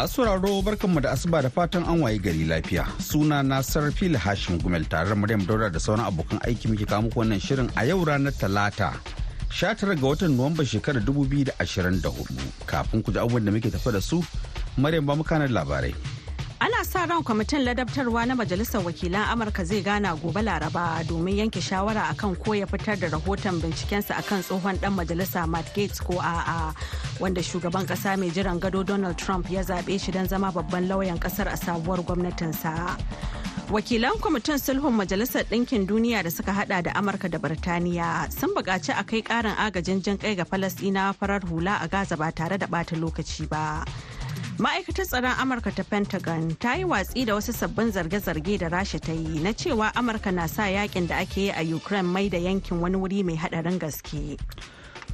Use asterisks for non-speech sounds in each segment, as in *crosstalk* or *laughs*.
Masu sauraro barkanmu da asuba da fatan an waye gari lafiya. Suna na Sarfil Hashim Gumel tare da Maryam Daura da sauran abokan aiki muke kawo muku wannan shirin a yau ranar Talata. 19 ga watan Nuwamba shekarar hudu Kafin ku ji abubuwan da muke tafi da su, Maryam ba mu kanar labarai. ana sa ran kwamitin ladabtarwa na majalisar wakilan amurka zai gana gobe laraba domin yanke shawara akan ko ya fitar da rahoton bincikensa akan tsohon dan majalisa matt gates ko a'a wanda shugaban kasa mai jiran gado donald trump ya zaɓe shi don zama babban lauyan kasar a sabuwar gwamnatinsa wakilan kwamitin sulhun majalisar ɗinkin duniya da suka hada da amurka da birtaniya sun buƙaci a kai ƙarin agajin jin kai ga falasɗinawa farar hula a gaza ba tare da bata lokaci ba ma'aikatar tsaron amurka ta pentagon ta yi watsi da wasu sabbin zarge-zarge da rasha ta yi na cewa amurka na sa yakin da ake yi a ukraine mai da yankin wani wuri mai hadarin gaske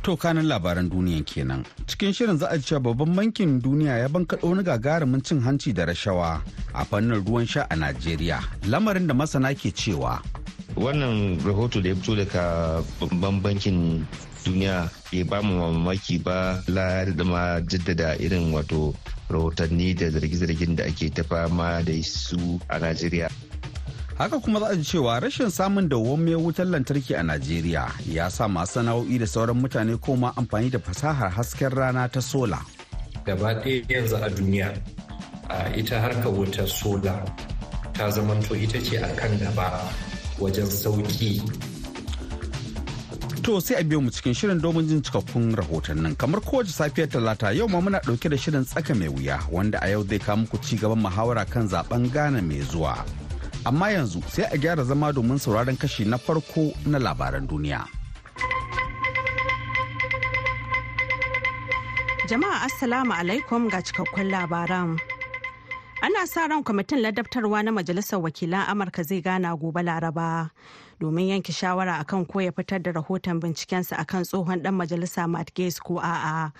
to kanin labaran duniya kenan cikin shirin za a cewa babban bankin duniya ya bankaɗo wani gagarumin cin hanci da rashawa a fannin ruwan sha a najeriya lamarin da masana ke cewa wannan rahoto da ya fito daga babban bankin duniya bai ba mu mamaki ba la da ma jaddada irin wato rahotanni da zargi zargin da ake ta fama da su a najeriya haka kuma za a ji cewa rashin samun dawwammiyar wutar lantarki a najeriya ya sa masu da sauran mutane koma amfani da fasahar hasken rana ta sola gaba ɗaya yanzu a duniya a ita harkar wutar sola ta zamanto ita ce a kan gaba wajen sauƙi To sai a biyo mu cikin shirin domin jin cikakkun rahotannin kamar kowace safiyar talata yau ma muna dauke da shirin tsaka mai wuya wanda a yau zai kawo muku ci gaban muhawara kan zaben Ghana mai zuwa. Amma yanzu sai a gyara zama domin sauraron kashi na farko na labaran duniya. Jama'a Assalamu alaikum ga cikakkun labaran. Ana sa ran kwamitin ladabtarwa na Majalisar Wakilan Amurka zai gana gobe Laraba. domin yanke shawara akan ko ya fitar da rahoton bincikensa akan tsohon dan majalisa Matt Gaetz ko a'a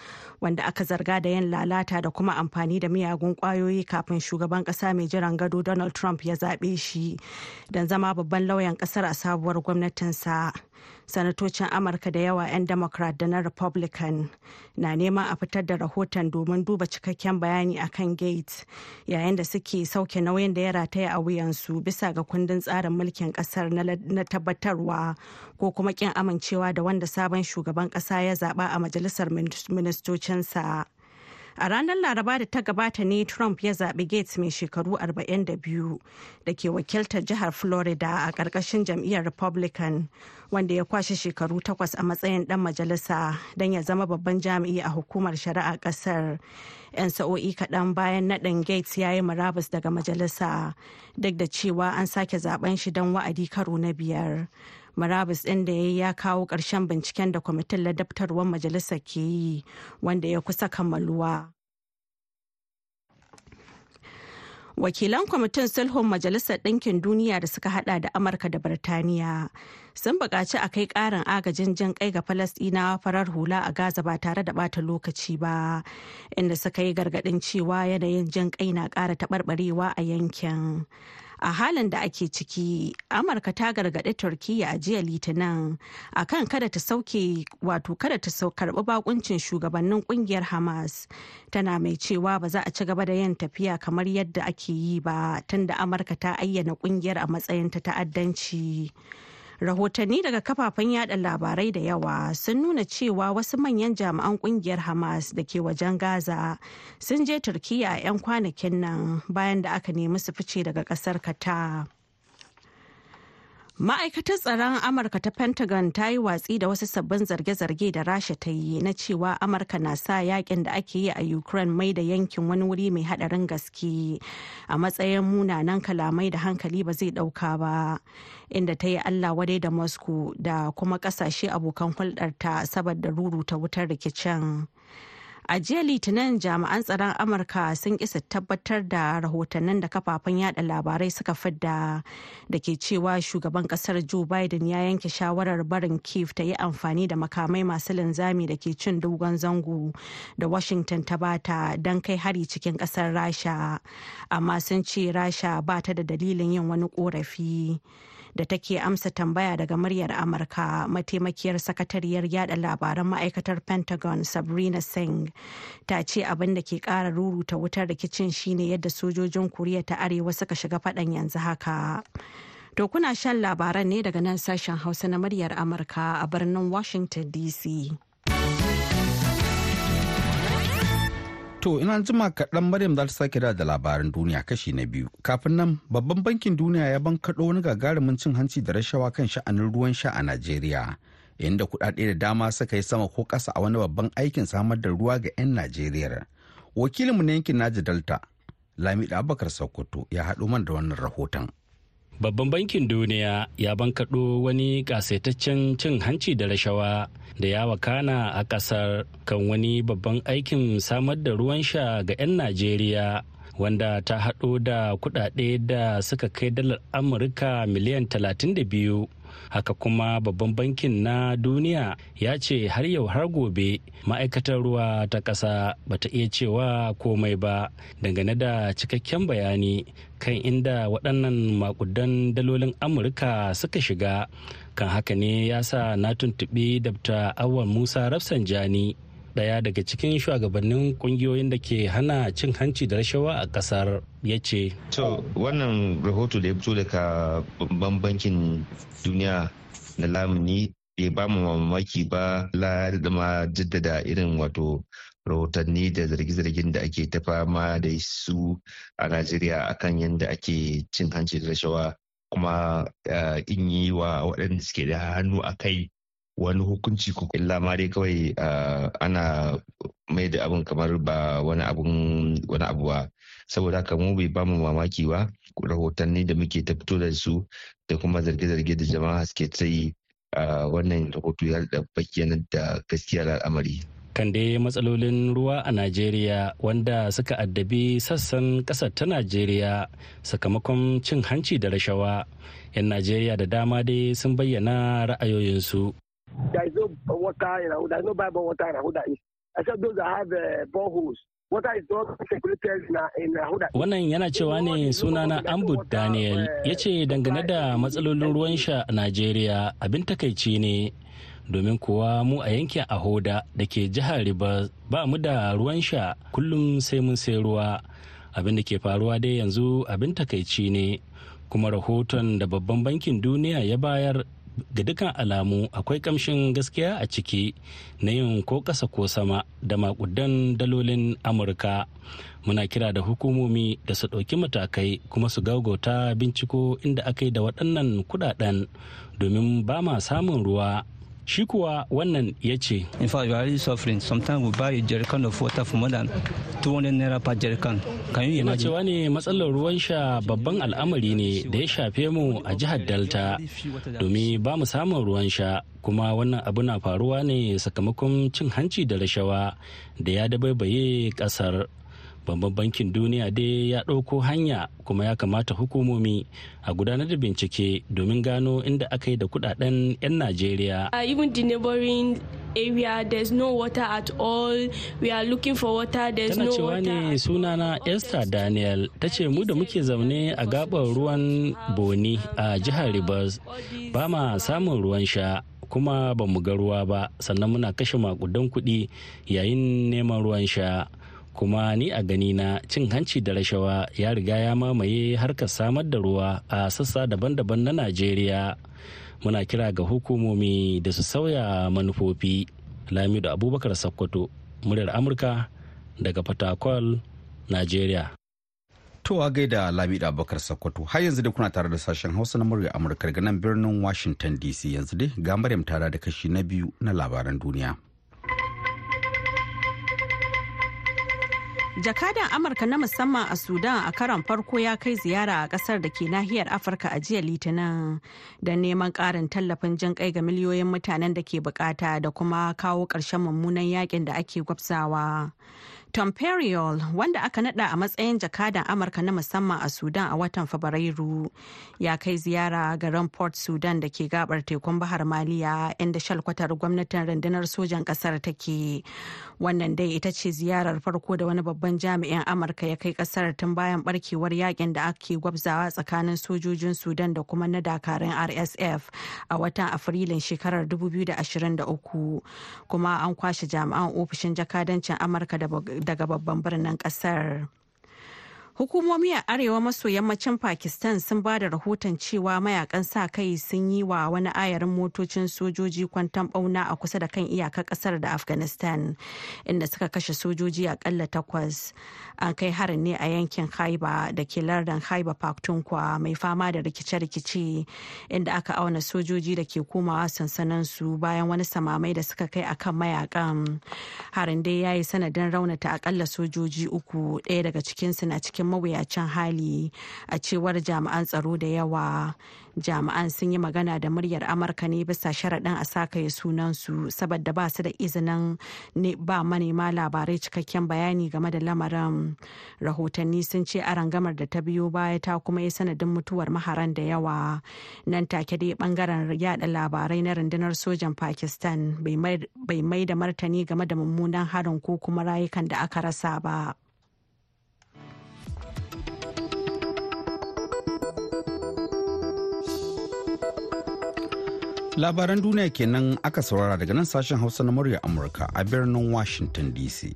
wanda aka zarga da yin lalata da kuma amfani da miyagun kwayoyi kafin shugaban kasa mai jiran gado Donald Trump ya zaɓe shi don zama babban lauyan kasar a sabuwar gwamnatinsa. sanatocin amurka da yawa 'yan democrat da na republican na neman a fitar da rahoton domin duba cikakken bayani a kan gates yayin da suke sauke nauyin da ya rataya a wuyansu bisa ga kundin tsarin mulkin kasar na tabbatarwa ko kuma kin amincewa da wanda sabon shugaban kasa ya zaba a majalisar ministocinsa A ranar Laraba da ta gabata ne Trump ya zaɓi Gates mai shekaru 42 da ke wakiltar jihar Florida a ƙarƙashin jam'iyyar Republican wanda ya kwashe shekaru takwas a matsayin ɗan majalisa don ya zama babban jami'i a hukumar shari'a ƙasar. 'Yan sa'o'i kaɗan bayan naɗin Gates ya yi murabus daga majalisa duk da cewa an sake zaben shi don wa'adi karo na biyar. marabus ɗin da ya yi ya kawo ƙarshen binciken da kwamitin ladabtarwar majalisar ke yi wanda ya kusa kammaluwa. wakilan kwamitin sulhun majalisar ɗinkin duniya da suka hada da amurka da birtaniya sun buƙaci a kai ƙarin agajin jin kai ga falasɗinawa farar hula a gaza ba tare da ɓata lokaci ba inda suka yi gargaɗin cewa yanayin jin kai na ƙara taɓarɓarewa a yankin a halin da ake ciki amurka ta gargaɗi turkiyya a jiya litinin a kan kada ta sauke wato kada ta karɓi bakuncin shugabannin ƙungiyar hamas tana mai cewa ba za a ci gaba da yin tafiya kamar yadda ake yi ba tunda amurka ta ayyana ƙungiyar a matsayin ta ta'addanci rahotanni daga kafafen yada labarai da yawa sun nuna cewa wasu manyan jami'an kungiyar hamas da ke wajen gaza sun je turkiya a 'yan kwanakin nan bayan da aka nemi su fice daga kasar qatar Ma'aikatar tsaron Amurka ta Pentagon ta yi watsi da wasu sabbin zarge-zarge da Rasha ta yi na cewa Amurka na sa yakin da ake yi a Ukraine mai da yankin wani wuri mai hadarin gaske a matsayin munanan kalamai da hankali ba zai dauka ba, inda ta yi Allah wadai da Moscow da kuma kasashe abokan hulɗarta saboda ruruta wutar rikicin. A jiya Litinin jami'an tsaron Amurka sun isa tabbatar da rahotannin da kafafen yada labarai suka fidda da ke cewa shugaban kasar Joe Biden ya yanke shawarar barin Kiev ta yi amfani da makamai masu linzami da ke cin dogon zango da Washington ta bata don kai hari cikin kasar Rasha. Amma sun ce Rasha ba ta da dalilin yin wani korafi. da take amsa tambaya daga muryar amurka mataimakiyar sakatariyar yada labaran ma'aikatar pentagon sabrina singh ta ce abin da ke kara ruruta wutar rikicin shine yadda sojojin Kuriya ta arewa suka shiga faɗan yanzu haka to kuna shan labaran ne daga nan sashen hausa na muryar amurka a birnin washington dc To ina jima kaɗan Maryam za ta sake da labaran duniya kashi na biyu. Kafin nan babban bankin duniya ya bankaɗo wani gagarumin cin hanci da rashawa kan sha'anin ruwan sha a Najeriya. Inda kuɗaɗe da dama suka yi sama ko ƙasa a wani babban aikin samar da ruwa ga 'yan Najeriya. Wakilinmu na yankin Naji Delta, Lami Abubakar Sokoto ya haɗu man da wannan rahoton. Babban bankin duniya ya bankaɗo wani ƙasaitaccen cin hanci da rashawa da ya wakana a ƙasar kan wani babban aikin samar da ruwan sha ga 'yan Najeriya wanda ta haɗo da kuɗaɗe da suka kai dalar Amurka miliyan 32. haka kuma babban bankin na duniya ya ce har yau har gobe ma'aikatar ruwa ta ƙasa bata iya cewa komai ba dangane da cikakken bayani kan inda waɗannan makudan dalolin amurka suka shiga kan haka ne ya sa na tuntuɓi dabta awon musa rafsanjani ɗaya daga cikin shugabannin ƙungiyoyin da ke hana cin hanci da rashawa a ƙasar ya ce to wannan rahoto da ya fito daga bambancin duniya na lamuni bai ba mu mamaki ba la da ma jaddada irin wato rahotanni da zarge-zargen da ake ta fama da su a najeriya akan yadda ake cin hanci da rashawa kuma eh, in yi wa waɗanda suke da hannu a kai wani hukunci ko illa ma dai kawai eh, ana mai da abin kamar ba wani abin wani abu ba saboda haka mu bai bamu mamaki ba rahotanni da muke ta fito da su da kuma zarge-zarge da jama'a suke ta yi eh, wannan rahoto ya da bayyanar da gaskiyar al'amari kan dai matsalolin ruwa a najeriya wanda suka addabi sassan kasar ta najeriya sakamakon cin hanci da rashawa 'yan najeriya da dama dai sun bayyana ra'ayoyinsu Wannan yana cewa ne sunana Ambud Daniel uh, ya ce dangane da matsalolin ruwan sha a Najeriya abin takaici ne domin kuwa mu a yankin ahoda da ke jihar riba ba mu da ruwan sha kullum sai mun sai ruwa abin da ke faruwa dai yanzu abin takaici ne kuma rahoton da babban bankin duniya ya bayar ga dukkan alamu akwai kamshin gaskiya a ciki na yin ko ƙasa ko sama da makudan dalolin amurka muna kira da hukumomi da su ɗauki matakai kuma su gaugauta binciko inda aka yi da waɗannan kudaden domin ba ma samun ruwa shi kuwa wannan ya ce in fact you are really suffering sometimes we buy a jerrycan of water for more than 200 naira per jerrycan can you imagine cewa ne matsalar ruwan sha babban al'amari ne da ya shafe mu a jihar delta domin ba mu samun ruwan sha kuma wannan abu na faruwa ne sakamakon cin hanci da rashawa da ya dabaibaye kasar babban bankin duniya dai ya ɗauko hanya kuma ya kamata hukumomi a gudanar da bincike domin gano inda aka yi da kudaden 'yan najeriya uh, even the neighboring area there's no water at all we are looking for water there's no water ne sunana esther daniel ta ce mu da muke zaune a gabar ruwan boni a jihar rivers ba ma samun ruwan sha kuma ba mu ga ruwa ba sannan muna kashe makudan kuɗi yayin neman ruwan sha kuma ni a gani na cin hanci da rashawa ya riga ya mamaye harkar samar da ruwa a sassa daban-daban na najeriya muna kira ga hukumomi da su sauya manufofi lamido abubakar sakkwato muryar amurka daga fatakwal najeriya to a gaida lamido abubakar sakkwato har yanzu dai kuna tare da sashen hausa na muryar amurka daga nan birnin washington dc yanzu dai ga maryam tare da kashi na biyu na labaran duniya Jakadan Amurka na musamman a Sudan a karon farko ya kai ziyara a kasar da ke nahiyar Afirka a jiya Litinin da neman ƙarin tallafin jin kai ga miliyoyin mutanen da ke bukata da kuma kawo ƙarshen mummunan yakin da ake gwabzawa. Tom Periol, wanda aka nada a matsayin jakadan Amurka na musamman a Sudan a watan Fabrairu ya kai ziyara garin Port Sudan da ke gabar tekun Bahar Maliya inda shalkwatar gwamnatin rundunar sojan kasar take. Wannan dai ita ce ziyarar farko da wani babban jami'in Amurka ya kai ƙasar tun bayan barkewar yakin da ake gwabzawa tsakanin sojojin Sudan da kuma na dakarun RSF a watan Afrilun shekarar 2023 kuma an kwashe jami'an ofishin jakadancin Amurka da daga babban birnin kasar. Hukumomi a arewa maso yammacin Pakistan sun ba da rahoton cewa mayakan sa kai sun yi wa wani ayarin motocin sojoji kwantan bauna a kusa da kan iyakar kasar da Afghanistan inda suka kashe sojoji a akalla takwas. An kai harin ne a yankin Haiba da ke lardin Haiba Pakhtunkhwa mai fama da rikice-rikice inda aka auna sojoji da ke komawa sansaninsu bayan wani samamai da suka kai akan mayakan. Harin dai ya yi sanadin raunata akalla sojoji uku ɗaya daga cikinsu na cikin cikin mawuyacin hali a cewar jami'an tsaro da yawa jami'an sun yi magana da muryar amurka ne bisa sharaɗin a sakaye sunansu saboda ba su da izinin ba manema labarai cikakken bayani game da lamarin rahotanni sun ce a rangamar da ta biyo baya ta kuma yi sanadin mutuwar maharan da yawa nan take dai bangaren yada labarai na rundunar sojan pakistan bai mai da martani game da mummunan harin ko kuma rayukan da aka rasa ba. labaran duniya kenan aka saurara daga nan sashen hausa na murya amurka a birnin washington dc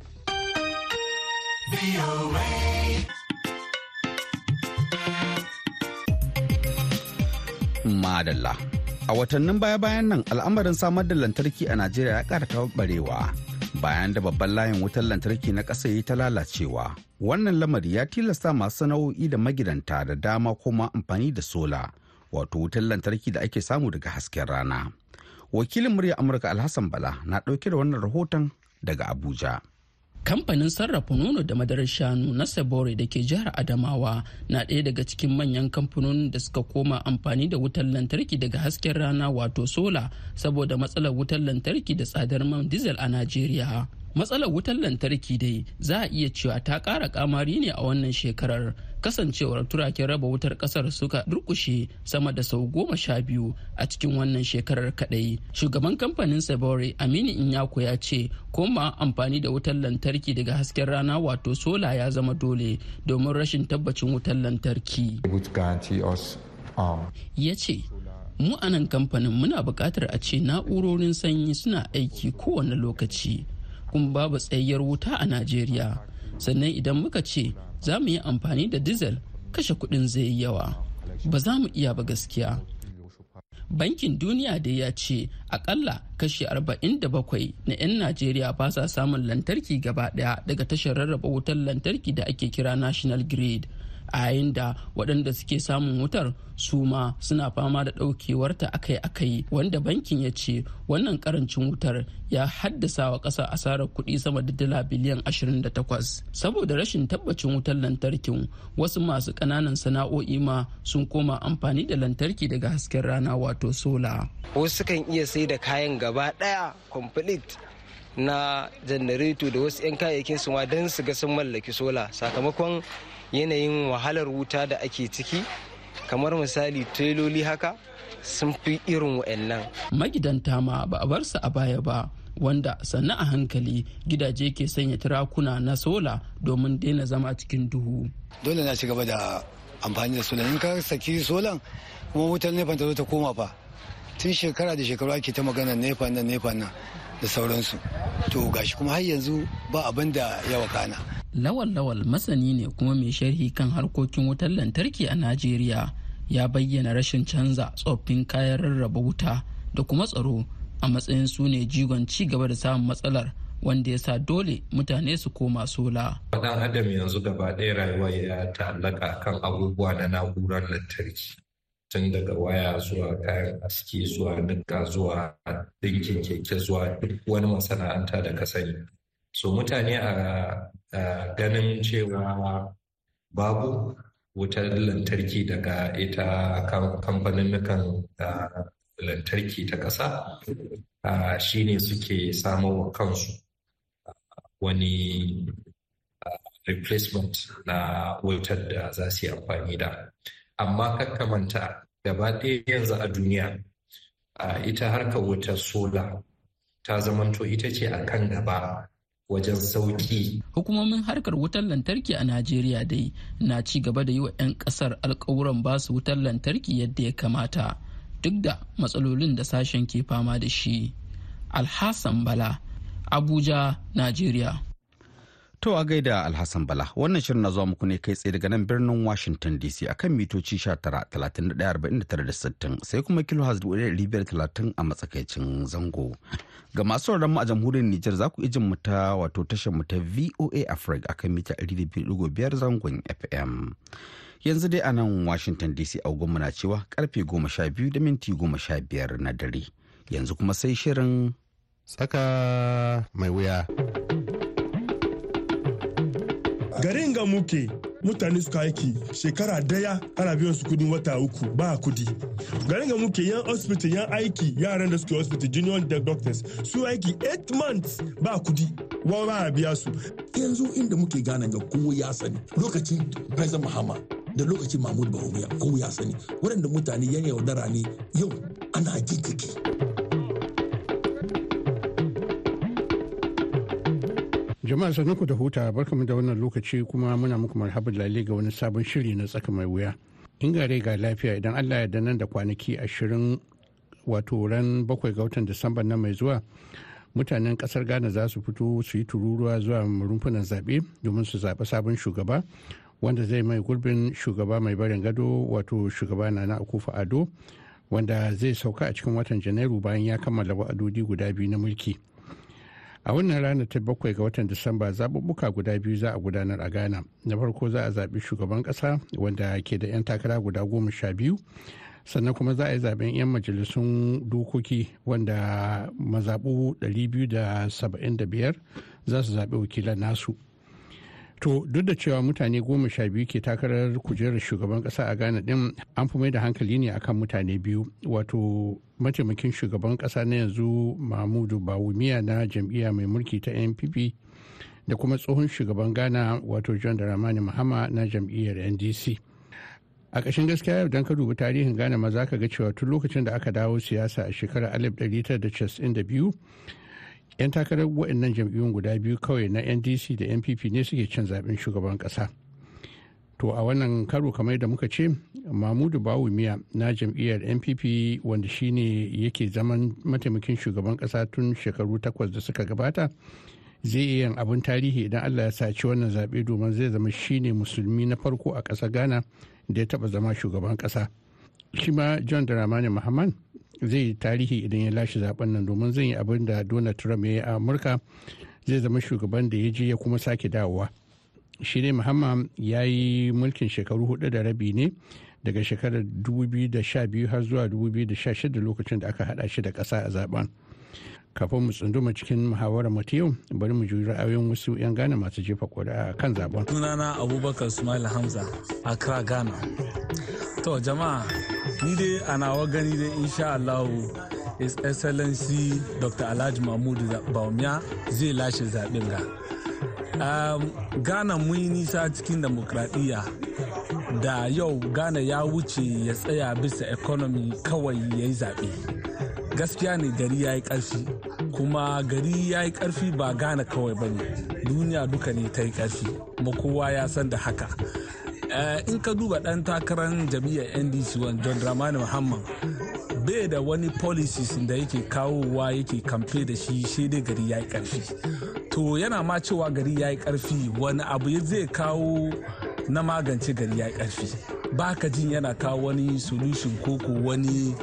madalla a watannin baya-bayan nan al'amarin samar da lantarki a najeriya ya ƙara taɓarewa bayan da babban layin wutar lantarki na ƙasa yi ta lalacewa wannan lamari ya tilasta masu sana'o'i da magidanta da dama kuma amfani da sola wato wutar lantarki da ake samu daga hasken rana wakilin murya amurka alhassan bala na ɗauke da wannan rahoton daga abuja kamfanin sarrafa nono da madarar shanu na sabore da ke jihar adamawa na ɗaya daga cikin manyan kamfanonin da suka koma amfani da wutar lantarki daga hasken rana wato sola saboda matsalar wutar lantarki da tsadar man diesel a najeriya matsalar wutar lantarki dai za a iya cewa ta ƙara kamari ne a wannan shekarar kasancewar turaken raba wutar ƙasar suka durkushe sama da sau goma sha biyu a cikin wannan shekarar kadai shugaban kamfanin sabore aminu inyako ya ce koma amfani da wutar lantarki daga hasken rana wato sola ya zama dole domin rashin tabbacin wutar lantarki um, ya ce mu anan kamfanin muna bukatar a ce na'urorin sanyi suna aiki kowane lokaci kuma babu tsayayyar wuta a najeriya sannan idan muka ce za mu yi amfani da dizal kashe kudin zai yi yawa ba za mu iya ba gaskiya bankin duniya da ya ce akalla kashi 47 na 'yan najeriya ba sa samun lantarki gaba daya daga tashar rarraba wutar lantarki da ake kira national grid a yayin da waɗanda suke samun wutar su ma suna fama da ɗaukewarta akai-akai wanda bankin ya ce wannan karancin wutar ya haddasa wa ƙasa asarar kuɗi sama da dala biliyan 28 saboda rashin tabbacin wutar lantarkin wasu masu ƙananan sana'o'i ma sun koma amfani da lantarki daga hasken rana wato sola wasu kan iya sai da kayan gaba ɗaya complete na janareto da wasu 'yan kayayyakin su ma don su ga sun mallaki sola sakamakon yanayin wahalar wuta da ake ciki kamar misali teloli haka sun fi irin wa'annan. magidanta ma ba a bar a baya ba wanda sannan a hankali gidaje ke sanya tirakuna na sola domin daina zama cikin duhu dole na ci gaba da amfani da sola in ka saki solan kuma wutar nefa ta zo ta koma fa tun shekara da shekaru ake ta magana nefa nan nefa nan da sauransu to gashi kuma har yanzu ba abin da ya wakana Lawal Lawal masani ne kuma mai sharhi kan harkokin wutar lantarki a Najeriya ya bayyana rashin canza tsoffin kayan rarraba wuta da kuma tsaro a matsayin su ne jigon ci gaba da samun matsalar wanda ya sa dole mutane su koma sola. Ɗan adam yanzu gaba ɗaya rayuwa ya ta'allaka kan abubuwa na na'urar lantarki. Tun daga waya zuwa kayan aski zuwa nika zuwa dinkin keke zuwa duk wani masana'anta da ka sani. so mutane a ganin cewa babu wutar lantarki daga ita kamfanin lantarki ta ƙasa shine suke wa kansu wani replacement na wutar da za su yi amfani da amma kakkamanta gaba ɗaya yanzu a duniya ita harkar wutar sola ta zamanto ita ce a kan gaba wajen sauki. Hukumomin harkar wutar lantarki a Najeriya dai na ci gaba da yi wa 'yan kasar alkawuran ba su wutar lantarki yadda ya kamata duk da matsalolin da sashen ke fama da shi. Alhassan Bala, Abuja, Najeriya. To a gaida Alhassan Bala, wannan shirin na zuwa muku ne kai tsaye daga nan birnin Washington DC a kan mitoci 19,31,49,60 sai kuma kilo 530 a matsakaicin zango. Ga masu sauraron mu a jamhuriyar Nijar za ku ijin mu ta wato tashar mu ta VOA Africa akan mita 200.5 zangon FM. Yanzu dai a nan Washington DC agogon na cewa karfe 12 da minti 15 na dare. Yanzu kuma sai shirin tsaka mai wuya. Garin ga muke mutane suka aiki shekara daya ana biyan su kudin wata uku ba kudi garin ga muke yan hospital yan aiki yaran da suke hospital junior doctors su aiki 8 months ba kudi wa ba biya su yanzu inda muke gane ga kowa ya sani lokacin president muhammad da lokacin mahmud bahumiya kowa ya sani waɗanda mutane yan yaudara ne yau ana jikiki Jama'a sannan ku da huta barkamu da wannan lokaci kuma muna muku marhaban lalle ga wani sabon shiri na tsaka mai wuya. In gare ga lafiya idan Allah ya nan da kwanaki ashirin wato ran bakwai ga watan Disamba na mai zuwa mutanen kasar Ghana za su fito su yi tururuwa zuwa rumfunan zaɓe domin su zaɓi sabon shugaba wanda zai mai gurbin shugaba mai barin gado wato shugaba na na akufa ado wanda zai sauka a cikin watan janairu bayan ya kammala wa'adodi guda biyu na mulki. a wannan ranar ta bakwai ga watan disamba zaɓuɓɓuka guda biyu za a gudanar a ghana na farko za a zaɓi shugaban ƙasa wanda ke da 'yan takara guda goma sha biyu sannan kuma za a yi zaɓin 'yan majalisun dokoki wanda mazaɓu 275 za su zaɓi wakilan nasu to duk da cewa mutane goma sha biyu ke takarar kujerar shugaban kasa a ghana din an fi mai da hankali ne akan mutane biyu wato mataimakin shugaban kasa na yanzu mahmudu bawumiya na jam'iyya mai mulki ta npp da kuma tsohon shugaban ghana wato john ramani mahama na jam'iyyar ndc a ƙashin gaskiya yau don ka dubi tarihin ghana ma ka ga cewa tun lokacin da aka dawo siyasa a shekarar 1992 'yan takarar waɗannan jam'iyyun guda biyu kawai na ndc da npp ne suke cin zaɓen shugaban ƙasa to a wannan karo kamar da muka ce mahmudu miya na jam'iyyar npp wanda shine yake zaman mataimakin shugaban ƙasa tun shekaru takwas da suka gabata zai iya yin abin tarihi idan allah ya saci wannan zaɓe domin zai zama shine musulmi na farko a ƙasar ghana da ya taɓa zama shugaban ƙasa shi ma john dramani muhammad zai yi tarihi idan ya lashe zaben nan domin zai yi abin da donald trump ya yi a amurka zai zama shugaban da ya je ya kuma sake dawowa shi ne muhammad ya yi mulkin shekaru hudu da rabi ne daga shekarar 2012 har zuwa 2016 lokacin da aka hada shi da kasa a zaben. kafin mu tsunduma cikin muhawarar mu yau bari mu juri ra'ayoyin wasu 'yan gane masu jefa kuri'a kan zaben. sunana abubakar ismail hamza a kira ghana to jama'a ni dai a nawa gani dai insha allahu his excellency dr alhaji mahmudu baumia zai lashe zaɓen ga um, ghana mun yi nisa cikin demokradiyya da yau ghana ya wuce ya tsaya bisa economy kawai ya yi zaɓe gaskiya ne gari ya yi ƙarfi kuma gari ya yi karfi ba gane kawai ba ne duniya duka ne ta yi karfi kuma kowa ya san da haka eh, in ka duba dan takarar jam'i'ar ndc john dramani muhammad bai da wani policies da yake kawowa yake kamfe da shi sai dai gari ya yi karfi to yana ma cewa gari ya yi karfi wani abu zai kawo na magance gari ya yi karfi ba ka jin yana kawo wani solution koko wani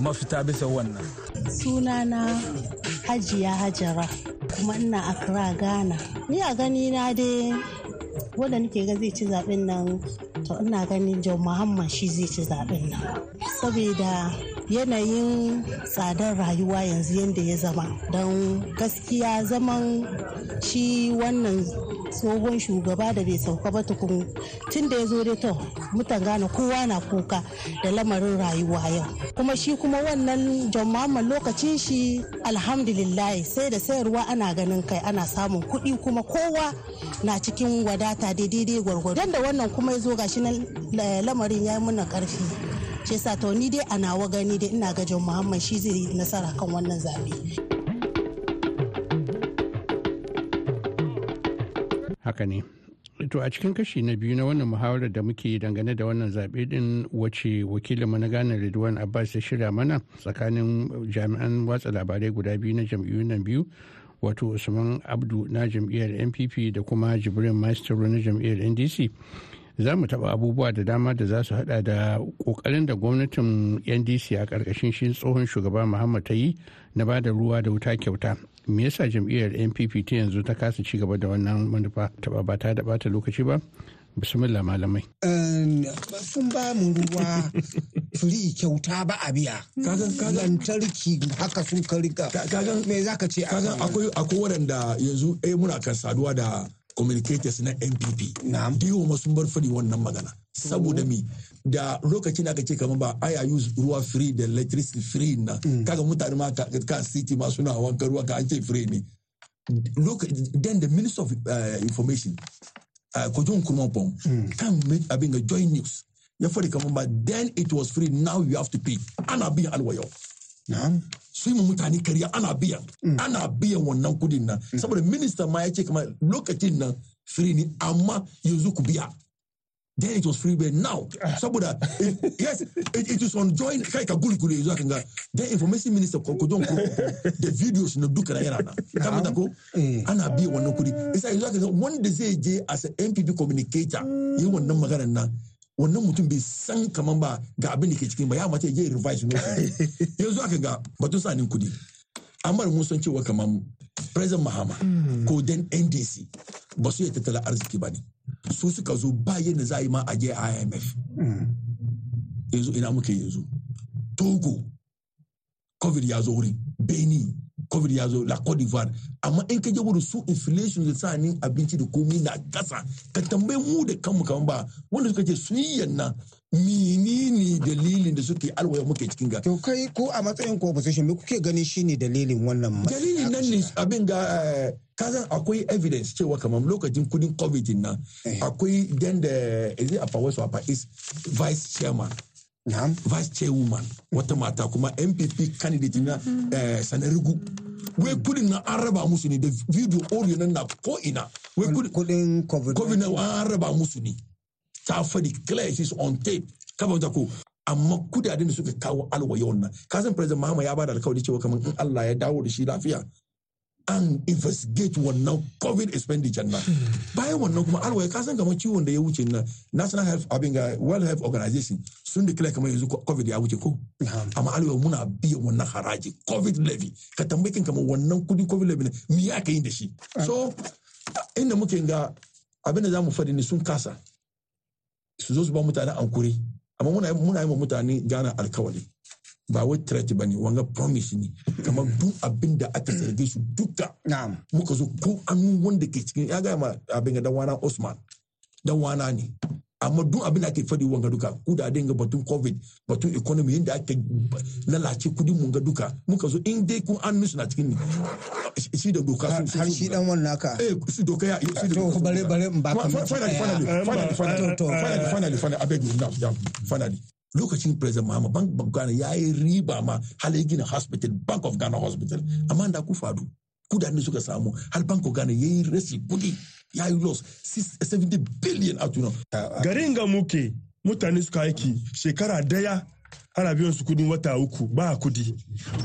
mafita bisa wannan sunana hajiya hajara kuma ina a kira ghana ni a gani na dai wanda nake ga zai ci zaɓen nan to ina ganin john muhammad shi zai ci zaɓen nan saboda yanayin tsadar rayuwa yanzu yadda ya zama don gaskiya zaman shi wannan tsohon shugaba da bai sauka ba tukun tun da ya zo da to mutan gane kowa na kuka da lamarin rayuwa yau kuma shi kuma wannan jama'a lokacin shi alhamdulillah sai da sayarwa ana ganin kai ana samun kuɗi kuma kowa na cikin wadata daidai gwargwado don da wannan kuma ya zo gashi na eh, lamarin ya yi muna ƙarfi shi sa to ni dai a nawa gani dai ina ga Muhammad shi zai nasara kan wannan zabe haka ne to a cikin kashi na biyu na wannan muhawarar da muke dangane da wannan zaɓe din wace wakilin mana gane ridwan abbas ya shirya mana tsakanin jami'an watsa labarai guda biyu na jam'iyyun nan biyu wato usman abdu na jam'iyyar npp da kuma jibrin maestro na jam'iyyar ndc za mu taɓa abubuwa da dama da za su hada da ƙoƙarin da gwamnatin ndc a ƙarƙashin shi tsohon shugaba muhammad ta yi na ba da ruwa da wuta kyauta me yasa jam'iyyar npp ta yanzu ta kasa ci gaba da wannan manufa taɓa ba ta da ɓata lokaci ba bismillah malamai. Ehm, sun ba mu ruwa firi kyauta ba a biya lantarki haka sun ka kagan me za ce akwai akwai waɗanda yanzu eh muna kan saduwa da communicators na npp diwo ma sun bar fari wannan magana Sabu mi da lokacin aka ce kamar ba aya use ruwa free da electricity free na mm. kaga mutane ma ka city ma suna wanka ruwa ka an ce free ne then the minister of eh, information uh, eh, kojon kurman pom mm. kan abin ga join news ya fari kamar ba then it was free now you have to pay ana bin alwayo su yi mutane kariya ana biyan mm. ana biyan wannan kudin nan mm. saboda minista ma ya ce kamar lokacin nan free ne amma yanzu ku biya then it was free but now *laughs* saboda yes it, it is on join kai ka guri kure zuwa kanga then information minister ko ko don ko the videos na duka na yana na saboda ko mm. ana biya wannan kudi isa yanzu kanga wanda zai je as a MPP communicator yi wannan maganar nan wannan mutum bai san kaman ba ga abin da ke cikin ba ya mace ya revise ne *laughs* yanzu aka ga batun sanin kudi amar mun san cewa kaman president mahama hmm. ko dan ndc ba su yi tattalin arziki ba ne su suka zo ba yadda za a yi ma a je imf hmm. yanzu ina muke yanzu togo covid ya zo wurin benin covid ya zo la cote d'ivoire amma in ka je wurin su inflation da sa ni abinci da komi na gasa ka tambaye mu da kanmu kaman ba wanda suka ce sun yanna menene dalilin da suke alwaya muke cikin ga to kai ko a matsayin ko opposition me kuke gani shine dalilin wannan dalilin nan ne abin ga eh, kaza akwai evidence cewa kamar lokacin kudin covid na eh. akwai dan da is a power so vice chairman vice chairwoman wata mata kuma mpp candidate na mm-hmm. eh, sanarigu wai kudin na an raba musu ne da video audio nan na ko ina kudin covid na an raba musu ne ta faɗi clear is on tape kaba ta ko amma kudaden da suka kawo alwayo wannan kasan president mahama ya bada alkawari cewa kamar in Allah ya dawo da shi lafiya an investigate wannan covid expenditure na hmm. bayan wannan kuma alwaye ka san kamar ciwon da ya wuce na national health abin ga uh, world health organization sun declare kamar yanzu covid ya wuce ko amma alwaye muna biyan wannan haraji covid levy ka tambayin kamar wannan kudi covid levy ne me ya ka yi da shi ah. so inda muke ga abin da zamu faɗi ne sun kasa su zo su ba mutane ankuri amma muna yi mutane gana alkawali ba wai threat ba ne wanga promise ne kamar duk abin da aka zarge su duka muka zo ko an wanda ke cikin ya gaya ma abin da wana Osman dan wana ne amma duk abin da ake fadi wanga duka ku da dinga batun covid batun economy yadda ake lalace kudin mun ga duka muka zo in dai kun annu suna cikin ne shi da doka su har shi dan wannan haka eh su doka ya su doka bare bare ba ka finally finally finally finally finally finally abeg now finally lokacin president mahama bank of ghana ya yi riba ma har ya gina hospital bank of ghana hospital amma da ku fadu kudaden suka samu har bank of ghana ya yi resi kudi ya yi loss 70 billion a tunan garin ga muke mutane suka aiki shekara daya ana biyan su kudin wata uku ba kudi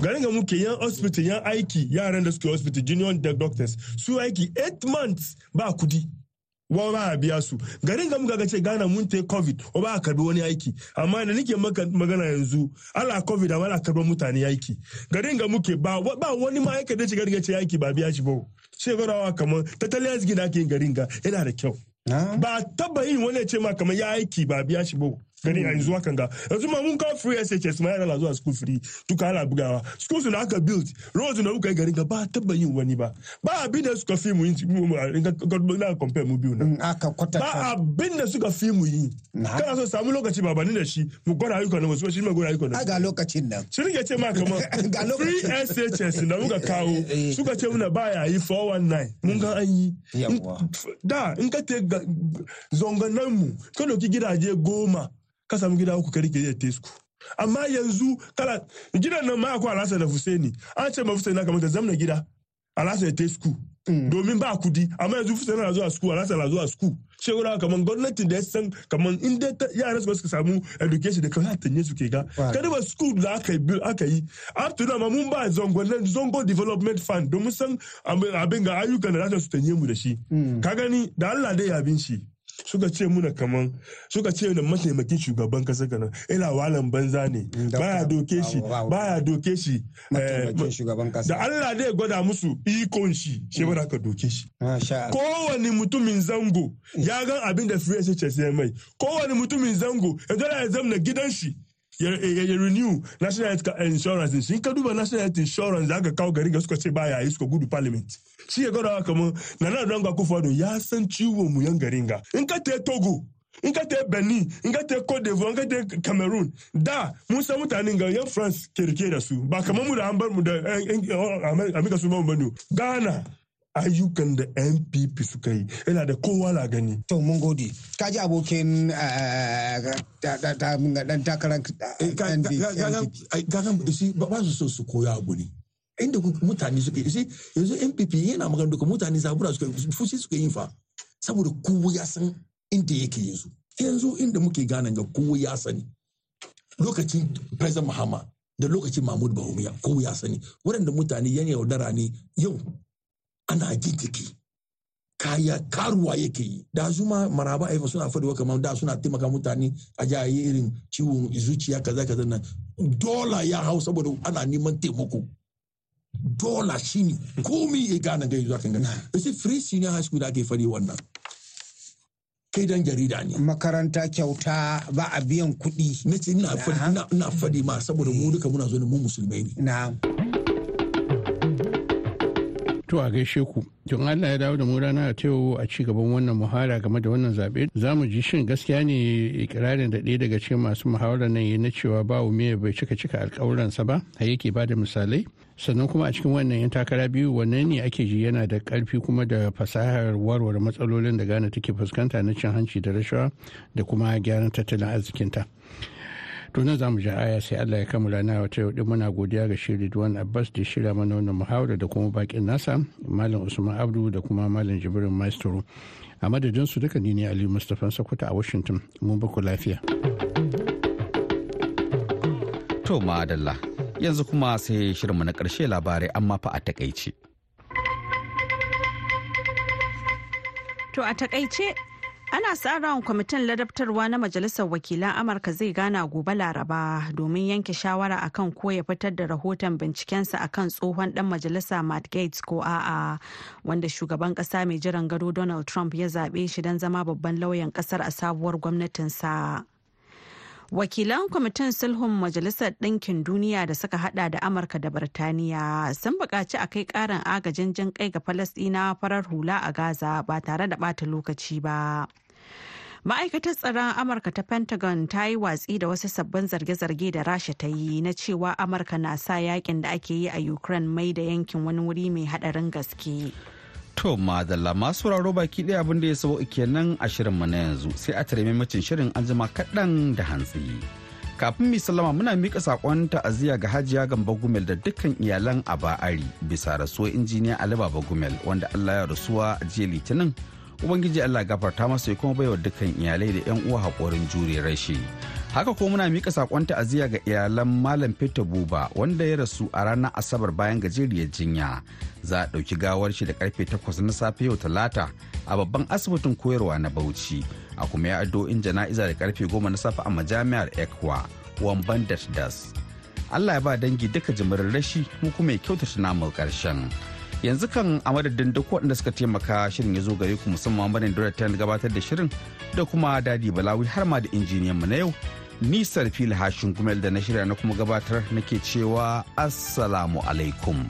garin ga muke yan hospital yan aiki yaran da suke hospital junior doctors su aiki 8 months ba kudi wa ba a biya su garin ga muka ce gana mun ta covid o ba a karbi wani aiki amma da nake magana yanzu ala covid amma ana karbar mutane aiki garin ga muke ba wani ma aika da shiga ga ce aiki ba biya shi ba sai barawa kamar tattalin arziki da ake yin garin ga yana da kyau ba taba yin wani ya ce ma kamar ya aiki ba biya shi ba gani a yanzu hakan ga yanzu ma mun kawo free SHS ma yara na zuwa school free duka ana bugawa schools da aka build roads da muka yi garin ga ba taba yin wani ba ba abin da suka fi mu yi na compare mu biyu na ba abin da suka fi mu kana so samu lokaci ba da shi mu gwada ayyuka na wasu shi ma gwada ayyuka na ga lokacin nan shi ne ce ma kamar *laughs* free SHS da muka kawo *laughs* eh. suka ce muna ba ya yi 419 mun ga an yi da in ka te mu gidaje goma ka samu gida uku ka rike yadda su amma yanzu kala gidan nan ma akwai alhassan da fuseni an ce ma fuseni kamar ta zamna gida alhassan ya su mm. domin ba kudi amma yanzu fuseni na zuwa su alhassan na zuwa su shekara kamar gwamnatin da ya san kamar in dai yaran su samu education da kawai tanye su ke ga kada ba school da aka yi aka yi up mun ba zongo zongo development fund domin san abin ga ayyukan da za su tanye mu da shi mm. ka gani da Allah dai abin shi suka ce muna kaman suka ce da mataimakin shugaban kasa kana ila walan banza ne mm, baya doke shi baya doke shi eh, da Allah dai gwada musu ikon shi shi bara ka doke shi kowane mutumin zango ya gan abin da fiye sai ce sai mai kowane mutumin zango ya dole ya zamna gidan shi ya renew national health insurance din shi duba national health insurance aka kawo gari ga suka ce baya yi suka gudu parliament shi ya gwada kamar na nan don ga kufado ya san ciwon mu yan garin ga in ka te togo in ka te benin in ka te cote d'ivoire in ka te cameroon da mun san mutanen ga yan france ke su ba kamar mu da an bar mu da amurka su ba mu bane ghana ayyukan da npp suka yi yana da kowa la gani to mun gode ka ji abokin eh, eh, eh, dan takarar npp ba su so su koya abu ne inda mutane suke yi yanzu npp yana magana duka mutane zabura suke fushi suke yin fa saboda kowa ya san inda yake yin su yanzu inda muke gane ga kowa ya sani lokacin president muhammad da lokacin mahmud bahumiya kowa ya sani waɗanda mutane yan yaudara ne yau ana gigiki kaya karuwa yake yi da zuma maraba aifa suna faɗiwa kamar da suna taimaka mutane a ji yi irin ciwon zuciya kaza kaza na dola ya hau saboda ana neman taimako dola ne komi ya gane gai zuwa kan gani sai free senior high school da ake faɗi wannan kai dan jarida ne makaranta kyauta ba a biyan kuɗi ce ina faɗi ma saboda mu duka muna zo ne mu musulmai ne na'am To a gaishe ku, don Allah ya dawo da mu rana a tewo a ci gaban wannan muhara game da wannan zaɓe. Za mu ji shin gaskiya ne ikirarin da ɗaya daga cikin masu muhawarar nan yi na cewa ba mai bai cika cika alƙawuransa ba, a yake ba da misalai. Sannan kuma a cikin wannan yan takara biyu wannan ne ake ji yana da ƙarfi kuma da fasahar warware matsalolin da Ghana take fuskanta na cin hanci da rashawa da kuma gyaran tattalin arzikinta. to za mu ji aya sai Allah ya kammala na wata yau muna godiya ga shi Ridwan Abbas da shirya mana wannan muhawara da kuma bakin nasa Malam Usman Abdu da kuma Malam Jibrin Maestro a madadin su duka ni ne Ali Mustapha Sokoto a Washington mun baku lafiya to madalla yanzu kuma sai shirinmu na karshe labarai amma fa a takaice To a takaice ana sa wa kwamitin ladabtarwa na majalisar wakilan amurka zai gana gobe laraba domin yanke shawara akan ko ya fitar da rahoton bincikensa akan tsohon dan majalisa matt gates ko a'a wanda shugaban kasa mai jiran gado donald trump ya zaɓe shi don zama babban lauyan kasar a sabuwar gwamnatinsa. wakilan kwamitin sulhun majalisar ɗinkin duniya da suka hada da amurka da birtaniya sun buƙaci a kai ƙarin agajin jin kai ga Falasɗina farar hula a gaza ba tare da ɓata lokaci ba ma'aikatar tsaron amurka ta pentagon ta yi watsi da wasu sabbin zarge-zarge da rasha ta yi na cewa amurka na sa yakin da ake yi a ukraine mai da yankin wani wuri mai haɗarin gaske To madalla masu sauraro baki ɗaya abin da ya sabo nan a shirin mu na yanzu sai a tare mamacin shirin an jima kaɗan da hantsi. Kafin mi sallama muna mika saƙon ta'aziyya ga Hajiya Gamba Gumel da dukkan iyalan a ba'ari bisa rasuwar injiniya Ali Baba Gumel wanda Allah ya rasuwa a jiya Litinin. Ubangiji Allah gafarta masa ya kuma baiwa dukkan iyalai da 'yan uwa haƙorin jure rashi. haka ko muna mika sakon ta'aziyya ga iyalan malam peter buba wanda ya rasu a ranar asabar bayan gajeriyar jinya za a ɗauki gawar shi da karfe 8 na safe yau talata a babban asibitin koyarwa na bauchi a kuma ya addu'o'in jana'iza da karfe 10 na safe a majami'ar ekwa wamban das allah ya ba dangi duka jimirin rashi mu kuma ya kyautata namu karshen yanzu kan a madadin duk waɗanda suka taimaka shirin ya zo gare ku musamman banin dole ta gabatar da shirin da kuma dadi balawi har ma da injiniyan mu na yau nisar fil hashin gumel da na shirya na kuma gabatar nake cewa assalamu alaikum.